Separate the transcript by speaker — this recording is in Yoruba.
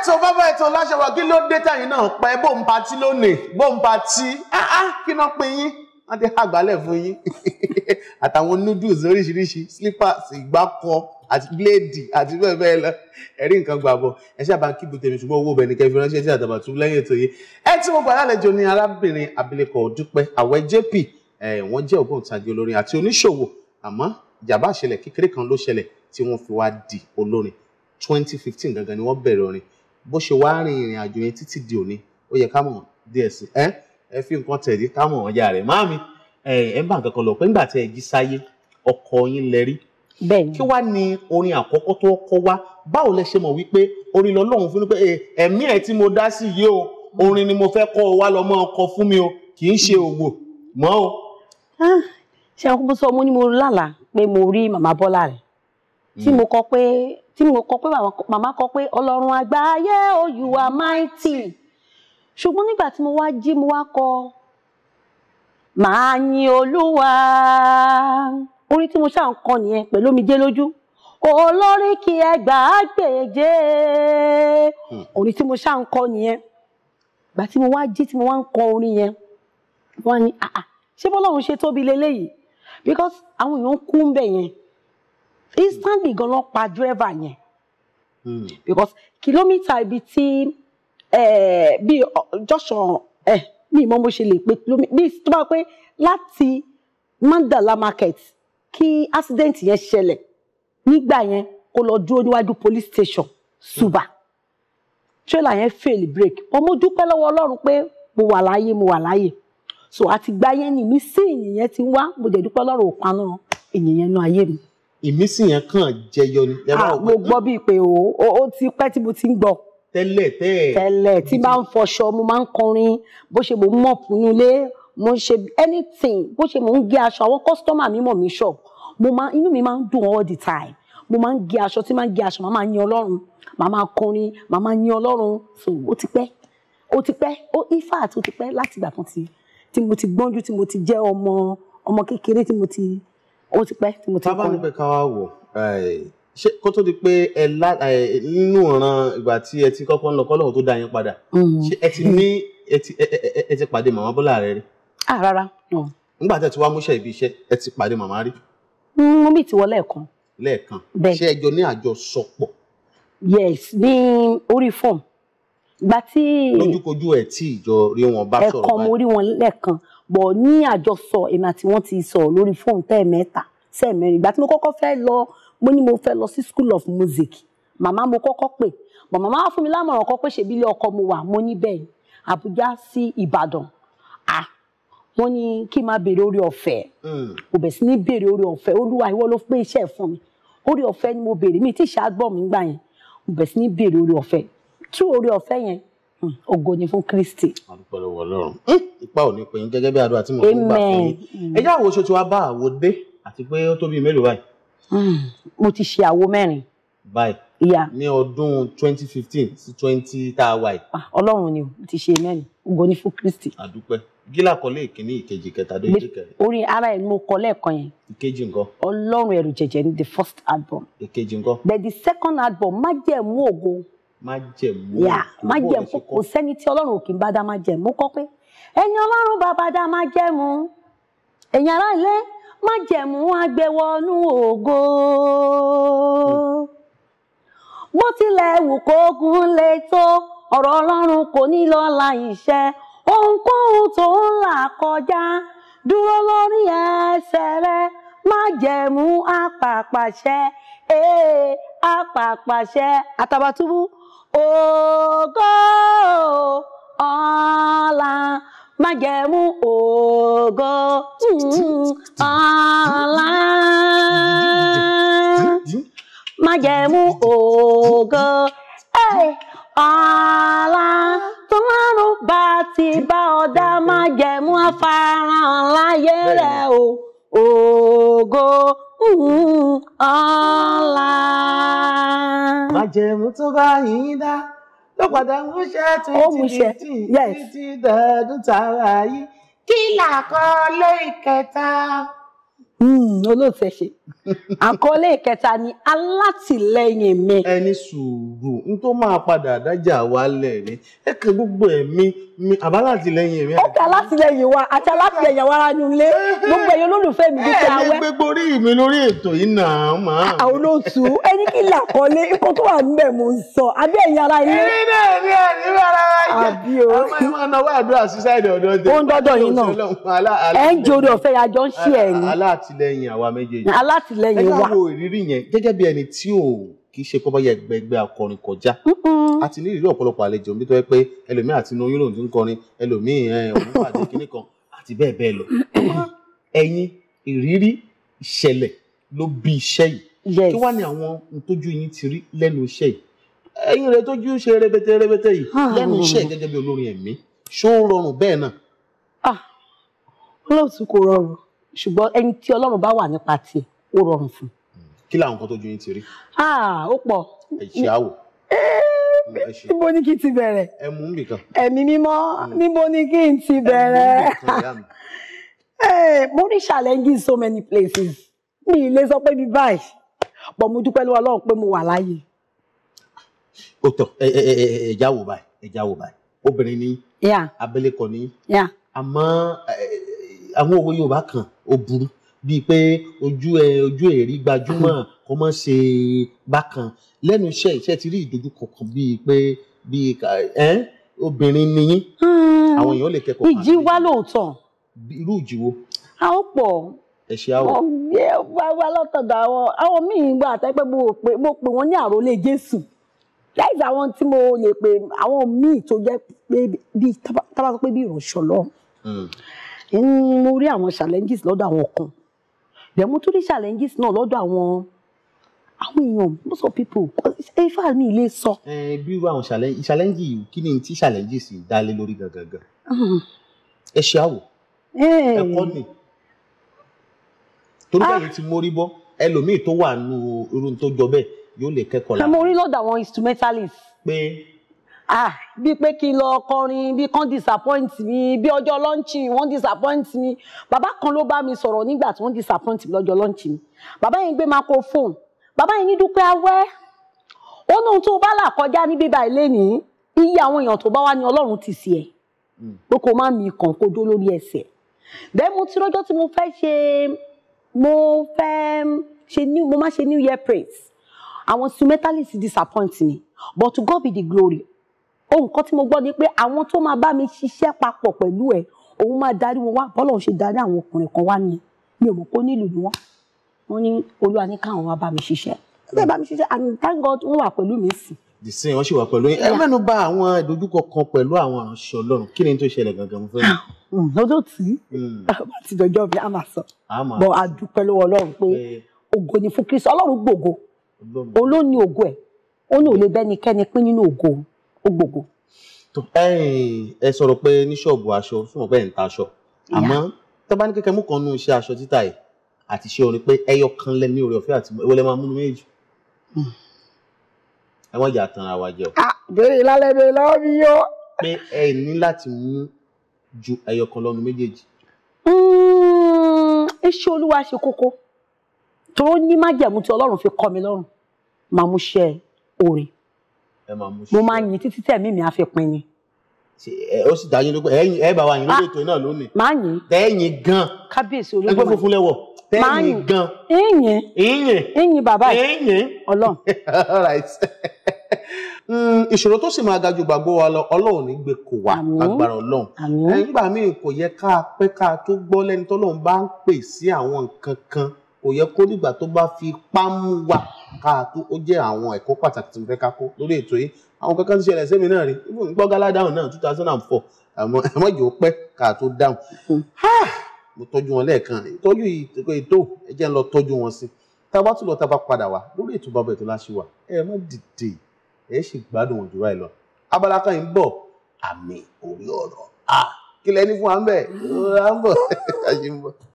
Speaker 1: ètò bàbá ètò Láṣẹwà kí ló dé tẹ̀yìn náà pẹ́ bó ń patí lónìí bó ń patí ah, ah, kí náà pin yín wọ́n ti há àgbálẹ̀ fún yín àtàwọn noodles oríṣiríṣi slippers ìgbákọ àti bíléèdì àti bẹ́ẹ̀ bẹ́ẹ̀ lọ ẹ̀rí nǹkan gbà bọ̀ ẹ ṣáàbà ń kíbo tèmi ṣùgbọ́n owó bẹ̀ẹ̀ni kẹfì ránṣẹ́ sí Àtàbàtúbú lẹ́yìn ètò yìí ẹ tí mo gbà lálejò ní arábìnrin abilékọ Dúpẹ́ Àwẹ JP wọ́n jẹ́ ògbóǹtagì olórin àti oníṣòwò àmọ́ ìjàmbá ìṣẹ̀lẹ̀ kékeré kan ló ṣẹlẹ̀ tí wọ́n fi wá di olórin 2015 gangan ni wọ́n bẹ̀rẹ̀ orin bó ṣe wá rin ìrìn àjò yẹn títí di òní ó yẹ ká mọ̀ díẹ̀ sí ẹ ẹ fi nǹkan tẹ̀lé ká mọ̀ ọ̀yà rẹ̀ máàmí ẹ ẹ ń bá nǹkan kan lọ pé nígbà tí ẹ jí sáyé ọkọ yín lẹ rí bẹ́ẹ̀ni kí wá ní orin àkọ́kọ́ tó kọ́ wá báwo lẹ ṣe mọ̀ wípé orin lọ́lọ́run fún mi pé ẹ̀mí ẹ̀ tí mo dá sí yìí o orin ni mo fẹ́ kọ́ ọ wá lọ mọ́ ọkọ fún mi o kì í ṣe òwò mọ́ o.
Speaker 2: Ah, ṣé àwọn kúkú sọ mo ní mo lálàá pé mo rí màmá Bọ́lá rẹ̀ tí hmm. mo kọ pé tí mo kọ pé màmá kọ pé ọlọ́run àgbáyé o you are mighty ṣùgbọ́n nígbà tí mo wá jí mo wá kọ màá yin olúwa orin tí mo ṣáà ń kọ nìyẹn pẹ̀lú omijé lójú olórí kí ẹ gbà á gbèjé hmm. orin tí mo ṣáà ń kọ nìyẹn ìgbà tí mo wá jí tí mo wá ń kọ orin yẹn wọ́n á ní àà ah, ah, ṣé ṣe tóbi leléyìí because àwọn èèyàn kú ń bẹ̀ yẹn instantly gan lọ́n pa dírẹ́fà yẹn hmm. because kìlómítà ibi tí bí jọ́sọ̀ mi mọ́ mo ṣe lè pe bí tó bá pé láti mandala market kí accident yẹn ṣẹlẹ̀ nígbà yẹn kó lọ dúró níwájú police station suba trailer yẹn fail break ọmọ dúpẹ́ lọ́wọ́ ọlọ́run pé mo wà láàyè mo wà láàyè so àtìgbà yẹn ni mi sí ènìyàn ti wá mo dẹ̀ dúpẹ́ lọ́rùn òpanu ènìyàn náà ayé mi ìmísí yẹn kàn jẹyọ ni. Ah, mo gbọ́ bíi pé o ó ti pẹ́ tí mo ti ń gbọ́. tẹ́lẹ̀ tẹ́ẹ̀. tẹ́lẹ̀ tí bá ń fọṣọ mo máa ń kọrin bó ṣe mò ń mọ̀ fún ilé mo ń ṣe anything bó ṣe mò ń gé aṣọ àwọn kọ́sítọ́mà mi mọ̀ mí ṣọ̀ mo máa inú mi máa ń dùn all the time mo máa ń gé aṣọ tí máa ń gé aṣọ màá máa yin ọlọ́run màá máa kọrin màá máa yin ọlọ́run so ó ti pẹ́ ó ti pẹ́ ó in fact ó ti pẹ́ láti ìgbà kan tí mo ti gbọ́njú tí mo ti jẹ́ ọmọ ọmọ kékeré tí mo ti ó ti pẹ́ tí mo ti kọ́. tábà ní
Speaker 1: pé ká wá wò ṣé kó tó di pé ẹ lá nínú ọ̀ràn ìgbà tí ẹ ti kọ́kọ́ ń lọ kọ́lọ́hún tó dá yín padà mm. ṣé ẹ ti ní ẹ ti pàdé màmá Bọ́lá rẹ rí. à ah, rárá. nígbà tí ẹ ti wá múṣẹ́ ibi iṣẹ́ ẹ ti pàdé màmá rí.
Speaker 2: Mm, mo mì tí wọ lẹ́ẹ̀kan. lẹ́ẹ̀kan ṣé
Speaker 1: ẹjọ ní àjọṣepọ̀.
Speaker 2: yes ní orí fọ́ọ̀mù gba tí.
Speaker 1: lójúkojú ẹ tí ìjọ rí wọn bá sọ̀rọ̀ báyìí ẹ̀kan mo
Speaker 2: rí wọn lẹ́ẹ̀kan bọ̀ ní àjọsọ èmi àti wọn ti sọ̀rọ̀ lórí fóònù tẹ́ẹ̀mẹ́ta sẹ́ẹ̀mẹ́rin ìgbà tí mo kọ́kọ́ fẹ́ lọ mo ní mo fẹ́ lọ sí school of music màmá mo kọ́kọ́ pè màmá máa fún mi lámọ̀ràn kan pé ṣèbí ilé ọkọ mo wà mo ní bẹ́ẹ̀ Àbújá sí Ìbàdàn ah wọ́n ní kí n máa béèrè orí ọ̀fẹ́ hmm. kò bẹ̀ sí ní béèrè orí ọ̀fẹ́ olúwa ìwọ ló pé iṣẹ́ fún mi orí ọ̀fẹ́ ni mo béèrè mi tí ìṣàgbọ́ mi gbà yẹn kò bẹ̀ sí ní béèrè orí ọ̀fẹ́ tú orí ọ̀fẹ́ yẹn hmm, ògo ni fún Kristi.
Speaker 1: a lọ́wọ́ Ọlọ́run. Hmm ipa ò ní pè yín gẹ́gẹ́ bí àdúrà tí mo fún gbà fún yín ẹ jẹ́ àwo ṣe tí wàá bá àwo dé àti pé ó tó bíi mélòó báyìí.
Speaker 2: Hmm, mo
Speaker 1: ti ṣe àwo mẹ́rin. báyìí ní ọdún twenty sí twenty tá a wà yìí. Ah, ọlọ́run ni mo ti ṣe mẹ́rin ògo ni fún kristi. àdúpẹ́ gílà kọlé ìkíní ìkejì kẹta dé ìdí kẹrin.
Speaker 2: orin ara ẹ mo kọ lẹ́ẹ̀kan yẹn. ìkejì ńkọ́. ọlọ́run ẹ̀rù jẹ̀jẹ̀ ni the first album. ìkejì ńkọ́. but the second album májẹ̀mú ògo.
Speaker 1: májẹ̀mú
Speaker 2: ògo. májẹ̀mú kò sẹ́ni tí ọlọ́run ò kì bá dá májẹ̀mú kọ́ pé ẹ̀yin ọlọ́run babada dá má jẹ̀mú ẹ̀yin ará ilé má jẹ̀mú agbẹ̀wọ̀nú ògo. bó tilẹ̀ wù kó gún lè tó ọ̀rọ̀ ọlọ́run kò ní lọ́la ìṣe ohunkóhun tó ń là kọjá dúró lórí ẹsẹ̀ rẹ má jẹ̀mú apàpàṣẹ ee apàpàṣẹ Àtàbàtúbú ògo ọ̀la májẹ̀mú ògo ọ̀la hmm, májẹ̀mú ògo ọ̀la tọ́lárùn bá ti bá ọ̀dá májẹ̀mú afárán láyé rẹ̀ o ògo ọ̀la. Hmm, májẹ̀mú tó bá yín dá padà múṣẹ twenty twenty títí dọdún tàwa yìí kí làkọọlẹ ìkẹta. Hmm, olóòtú ẹ ṣe àkọọlẹ ìkẹta ni alátìlẹyìn mi. ẹni sùúrù n tó máa padà
Speaker 1: dájà wálẹ̀ ni ẹ kàn gbogbo ẹ̀mí mi àbá látìlẹyìn mi. ó kà látìlẹyìn
Speaker 2: wa àti alátìlẹyìn wa nínú ilé gbogbo ẹ̀yin olólùfẹ́ mi bíi ti awẹ́. ẹ ní gbégbórí mi lórí ètò yìí náà máa. Ah, àwọn olóòtú ní kí làkọlé nǹkan tó wà níbẹ̀ mò ń sọ àbí ẹ̀yin ara ilé. èmi náà ní ẹ̀rí rárá yẹ
Speaker 1: àbí o. àwọn ẹ̀rọ máa náwó àdúrà sísáìdì ọ̀dọ́ tẹ̀. ó ń dọ́dọ̀ yín náà ẹ̀ ń jòrò ọ̀fẹ́ yà jọ ń ṣí ẹ̀ ní. alátìlẹyìn àwa méjèèjì. alátìlẹyìn wa. ẹ káwọ ìrírí yẹn gẹ́gẹ́ bí ẹni tí ò kì í ṣe pọ́ báyà ẹgbẹ́gbẹ́ akọrin kọjá a ti ní ìrírí ọ̀pọ̀lọpọ̀ àlejò nítorí pé ẹlòmíì àti inú yúrò tó ń kọrin ẹlòmíì òun pàdé kínní kan àti bẹ́ẹ̀ bẹ́ẹ̀ lọ ẹ̀yin ìrírí ìṣẹ̀lẹ̀ ló bí iṣẹ́ yìí yes kí wá ní àwọn ntójú yín ti rí lẹ́nu iṣẹ́ yìí ẹ̀yin rẹ tójú ṣe rẹpẹtẹ rẹpẹtẹ
Speaker 2: yìí ah. lẹ́nu iṣẹ́ gẹ́gẹ́ bí olórin ẹ̀mí ṣó rọrùn bẹ́ẹ̀ náà. ah olóòtú kò rọrùn ṣùgbọ́n ẹni tí Ọlọ́run bá wà nípa tiẹ̀ ó rọrùn fún.
Speaker 1: Hmm, kí làwọn kan tójú yín ti rí.
Speaker 2: ah ó pọ̀.
Speaker 1: ẹ àwò eh,
Speaker 2: níbo ni kí n ti bẹ̀rẹ̀. ẹ mú mi kan. ẹ̀mí mímọ́ hmm. níbo ni kí n ti bẹ̀rẹ̀. Eh, mo ní challenging so many places mi ì lè sọ pé mi báyìí pọ̀ mo dúpẹ́ lọ́wọ́ ọlọ́run pé mo wà láàyè.
Speaker 1: ó tọ ẹ ẹ ẹ ẹja wò báyìí ẹja wò báyìí obìnrin ni abilékọ ni àmọ́ àwọn òwe Yorùbá kan ó burú bíi pé ojú ẹ ojú èrí gbajúmọ̀ kó má ṣe bákan lẹ́nu iṣẹ́ iṣẹ́ ti rí ìdojúkọ kan bíi pé bíi ẹ obìnrin ni yín hmm. àwọn èèyàn lè kẹ́kọ̀ọ́. ìjì
Speaker 2: wá lóòótọ́. irú ìjì wo. a ó pọ̀ ẹ ṣe àwọ. ọ̀gbẹ́ wa wa lọ́tọ̀dọ̀ àwọn àwọn míì wà tẹ́pẹ́ mo pè mo pè wọ́n ní àròlé Jésù láìsí àwọn tí mo lè pè àwọn míì tó jẹ́ pé bíi tábà sọ pé bíi ìrànṣọ́ lọ. Hmm. mo rí àwọn challenges lọ́dọ̀ àwọn kan then mo tún rí challenges náà lọ́dọ̀ àwọn àwọn èèyàn most of people ifá mi lè sọ. ẹ bí irú àwọn
Speaker 1: challenge yìí kí ni tí challenges yìí dá lé lórí gangan hmm. ẹ ṣe àwò ẹ kọ́ ni torí báyìí ti mórí bọ́ ẹlòmíì tó wà nù irú tó jọ bẹ́ẹ̀ yóò lè kẹ́kọ̀ọ́ lára.
Speaker 2: mo rí lọ́dọ̀ àwọn instrumentalist. pé. ah bíi pé kí n lọ kọrin bí kan disappoint mi bí ọjọ́ lọ́ńchì wọ́n disappoint mi bàbá kan ló bá mi sọ̀rọ̀ nígbà tí wọ́n disappoint mi lọ́jọ́ lọ́ńchì mi bàbá yẹn gbé microphone bàbá yẹn ní dúpẹ́ awẹ́ ó lóhun tó bá là kọjá ní bíbá ilé iye àwọn èèyàn tó bá wá ní ọlọ́run ti sí ẹ̀ hmm. pé kó má mi kàn kó dó lórí ẹsẹ̀ bẹ́ẹ̀ mo ti rọ́jọ́ tí mo fẹ́ ṣe mo fẹ́ ṣe new mo máa ṣe new year praise àwọn sumetalis disappoint me but to God be the glory ohun kan tí mo gbọ́ ni pé àwọn tó máa bá mi ṣiṣẹ́ papọ̀ pẹ̀lú ẹ̀ òun máa darí wọn wá bọ́lọ̀ ṣe darí àwọn ọkùnrin kan wá ni mi ò mọ̀ pé ó nílùú ni wọ́n wọ́n ní olúwa ní káwọn wá bá mi ṣiṣẹ́ bẹ́ẹ̀ bá mi ṣiṣẹ́ and thank God wọ́n wà pẹ̀lú mi sìn
Speaker 1: the same wọ́n sì wà pẹ̀lú ẹ mẹ́nu bà àwọn ìdojúkọ kan pẹ̀lú àwọn àránṣẹ́ Ọlọ́run kí ni tó ṣẹlẹ̀ gangan mo fẹ́ mọ̀. lọ́jọ́
Speaker 2: tí hmm. bá ti dọjọ́ bí a máa sọ bọ́ a dúpẹ́ lọ́wọ́ Ọlọ́run pé ògo ni fún Kristi Ọlọ́run gbògo òun ló ní ògo ẹ̀ ó ní òun lè bẹ́nikẹ́ni pín nínú ògo ó gbògo.
Speaker 1: ẹ sọ̀rọ̀ pé ní ṣọ́ọ̀bù aṣọ fún ọ̀pẹ́ ìta aṣọ àmọ́ tó bá ní kẹ́kẹ́ mú kan nú iṣẹ́ aṣọ títà yìí àti ṣe orin pé ẹyọ kan lẹ ní oore ọ̀fẹ́ àti ìwọlẹ́ máa múnú méjì. Hmm ẹ wọ́n jà tanra wa jẹ o. Ah, béèrè lálẹ́ mi lọ́wọ́ mi yó. pé ẹ ní láti mú ju ẹyọ kan lọ́nu méjèèjì.
Speaker 2: iṣẹ́ hmm, olúwa ṣe kókó tó ní májẹ̀mú tí ọlọ́run fi kọ́ mi lọ́rùn máa mú ṣe oore mo máa yìn títí tẹ̀mí mi á fi pin ni.
Speaker 1: ó sì dájú ló pé ẹ bá wa yìn lórí ah, ètò náà
Speaker 2: lónìí. máa yìn. tẹ́yìn gan-an. kábíyèsí olúwa ẹgbẹ́ funfun lẹ́wọ̀ tẹ́yìn gan. ìyìn ìyìn ìyìn bàbá yìí ìyìn ọlọ́run. all right hmm, ìṣòro
Speaker 1: tó sì máa ga ju gbàgbọ́ wa lọ ọlọ́run ní gbé kò wá agbára ọlọ́run nígbà míì kò yẹ ká pẹ́ ká tó gbọ́ lẹ́ni tọ́lọ́run bá ń pè sí àwọn nǹkan kan kò yẹ kó nígbà tó bá fi pámú wa ká tó ó jẹ́ àwọn ẹ̀kọ́ pàtàkì tí mo fẹ́ ká kó lórí ètò yìí àwọn kankan ti ṣẹlẹ̀ sẹ́mi náà rí gbọ́gá ládàáhùn náà two thousand and four àmọ́ ìjò pẹ́ ká tó dáhùn. Hmm mo tọ́jú wọn lẹ́ẹ̀kan ìtọ́jú ètò ẹ jẹ́ ń lọ tọ́jú wọn sí tá a bá tún lọ tá a bá padà wá lórí ètò bàbá ètò láṣì wà ẹ má dìde ẹ ṣì gbádùn òjò báyìí lọ abala kan yìí ń bọ̀ àmì orí ọ̀rọ̀ à kílẹ̀ ní fún wa ń bẹ̀ à ń bọ̀ àṣì ń bọ̀.